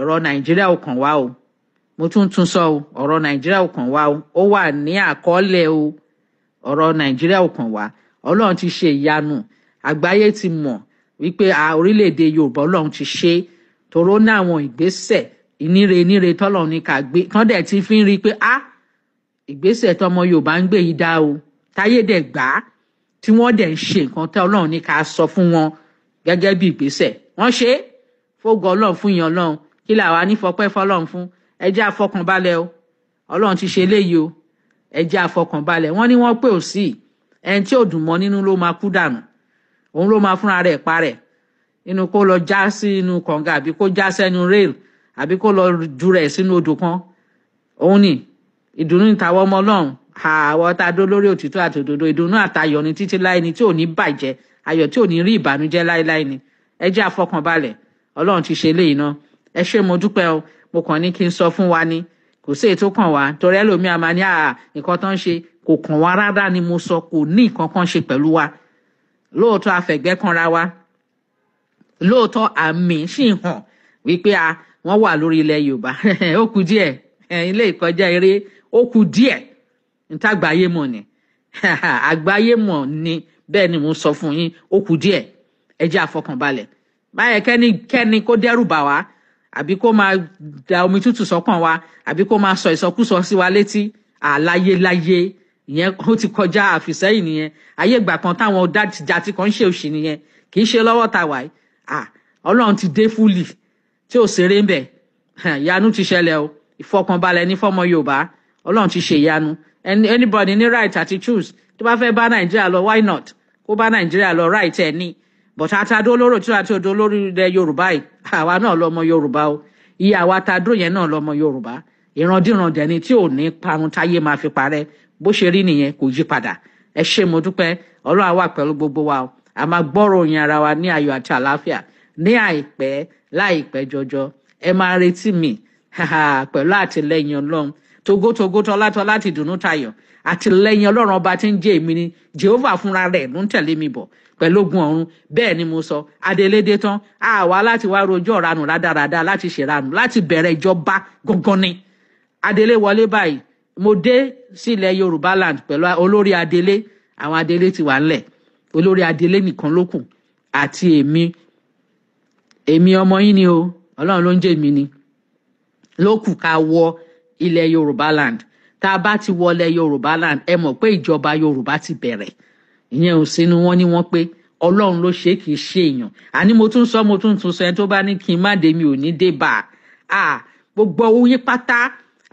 ọ̀rọ̀ nàìjíríà ò kàn wá o mo tún tún sọ o ọ̀rọ̀ nàìjíríà ò kàn wá o ó wà ní àkọọ́lẹ̀ o ọ̀rọ̀ nàìjíríà ò kàn wá ọlọ́run ti ṣe ìyanu àgbáyé ti mọ̀ wípé a orílẹ̀-èdè yorùbá ọlọ́run ti ṣe tòró ní àwọn ìgbésẹ̀ ìníre ìníre tọ́lọ́run ní ká gbé tán dẹ̀ ti fi ń rí i pé a ìgbésẹ̀ tọmọ yorùbá ń gbé yìí dá o táyé dẹ̀ gbà á tí wọ́n dẹ̀ ń ṣe nǹkan tẹ́ ọlọ́run ní ká sọ fún wọn gẹ́gẹ́ bí ìgbésẹ̀ wọ́n ṣe fógo ọlọ́run fún ìyẹn ọlọ́run kí làwa nífọpẹ́ fọlọ́run fún ẹ jẹ́ àfọkànbalẹ̀ o ọlọ́run ti ṣe eléyìí o ẹ jẹ́ àfọkànbalẹ̀ wọ́n ní wọ́n pè ò sí ẹni tí ò dùn mọ́ nínú ló máa kú dànù òun ló máa fúnra rẹ̀ parẹ̀ inú kó lọ já sí kànga àbí kó já sẹ́nu rail àbí kó lọ ju rẹ̀ sínú odò kan òun ni ìdùnnú ìtawọ́ ọmọ ọlọ́run àwọ̀ tá a dó lórí òtítọ́ àti òdodo ìdùnnú àtayọ̀ ni títí láì ni tí ò ní bàjẹ́ ayọ̀ tí ò ní rí ìbànújẹ́ láéláé ni ẹ àfọkànbalẹ̀ ọlọ́run ti ṣe eléyìí náà ẹ ṣé mo dúpẹ́ o mo kàn ní kí n sọ fún wa ni kò sí èyí tó kàn wá torí ẹlòmíà máa ní àà nǹkan tó ń ṣe kò kàn wá rárá ni mo sọ kò ní nǹkan kan ṣe pẹ̀lú wa lóòótọ́ àfẹ̀gbẹ́ kanra wa lóòótọ́ àmì sì hàn wípé a wọ́n wà lórí ilẹ̀ yorùbá ó kù díẹ̀ ilé ìkọjá eré ó kù díẹ̀ ntàgbáyé mọ̀ ni àgbáyé mọ̀ ni bẹ́ẹ̀ ni mo sọ fún yín ó kù díẹ̀ ẹ jẹ́ àfọkànbalẹ̀ báyẹn kẹ́nikẹ́ni kó dẹ́rù bà wá àbí kó máa da omi tútù sọ́kàn wa àbí kó máa sọ ìsọkúsọ sí wa létí àláyéláyé ìyẹn ó ti kọjá àfìsẹ́yìn nìyẹn ayé ìgbà kan táwọn jàti kan ń ṣe òṣì nìyẹn kì í ṣe lọ́wọ́ ta wàyí ọlọ́run ti dé fúlì tí ò ṣeré ń bẹ̀ ìyanu ti ṣẹlẹ̀ o ìfọkànbalẹ̀ ní fọmọ yorùbá ọlọ́run ti ṣe ìyanu anybody ní right àti choose tó bá fẹ́ bá nàìjíríà lọ why not kó bá nàìjíríà lọ right ẹ̀ ní but àtàdó olóró tí wàá tí odò olórí ilẹ̀ yorùbá yìí àwa náà lọmọ yorùbá o iye àwa tàdó yẹn náà lọmọ yorùbá ìrandíran dẹni tí ò ní parun táyé máa fi parẹ́ bó ṣe rí nìyẹn kò yí padà ẹ ṣé mo dúpẹ́ ọlọ́run àwa pẹ̀lú gbogbo wa o a máa gbọ́rọ̀ òyìn ara wa ní ayọ̀ àti àlàáfíà ní àìpẹ́ láìpẹ́ jọjọ ẹ máa retí mi pẹ̀lú àtìlẹ́yìn ọlọ́run togotogo tọlátọlá ti dùnú tayọ̀ àtìlẹ́yìn Ọlọ́run ọba tí ń jẹ́ èmi ni Jehovah fúnra rẹ̀ ló ń tẹ̀lé mi bọ̀ pẹ̀lú ogun ọ̀run bẹ́ẹ̀ ni mo sọ adelédé tán àwa láti wá rojọ́ ọranù rádaràda láti ṣèranù láti bẹ̀rẹ̀ ìjọba gangan ni adelé wọlé báyìí mo dé sílẹ̀ Yorùbá land pẹ̀lú olórí adelé àwọn adelé ti wà ńlẹ̀ olórí adele nìkan ló kù àti èmi èmi ọmọ yín ni o Ọlọ́run ló ń jẹ́ èmi ni ló kù ká wọ ilẹ̀ yorùbá land tá a bá ti wọlé yorùbá land ẹ mọ̀ pé ìjọba yorùbá ti bẹ̀rẹ̀ ìyẹn ò sínú wọn ni wọ́n pé ọlọ́run ló ṣe kì í ṣe èèyàn àní mo tún sọ mo tún tún sọ ẹni tó bá ní kí n má dé mi ò ní dé bá a gbogbo owó yín pátá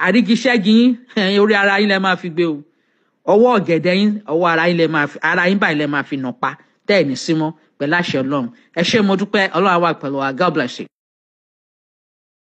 àrígiṣẹ́gi yín orí ara yín lẹ máa fi gbé o ọwọ́ ọ̀gẹ̀dẹ̀ yín ọwọ́ ara yín lẹ máa fi ara yín báyìí lẹ máa fi nà pa tẹ́ ẹ̀ ní símọ́ pẹ̀lú àṣẹ ọlọ́run ẹ ṣé mo dúpẹ́ ọlọ́run àwa pẹ̀lú wa God bless you.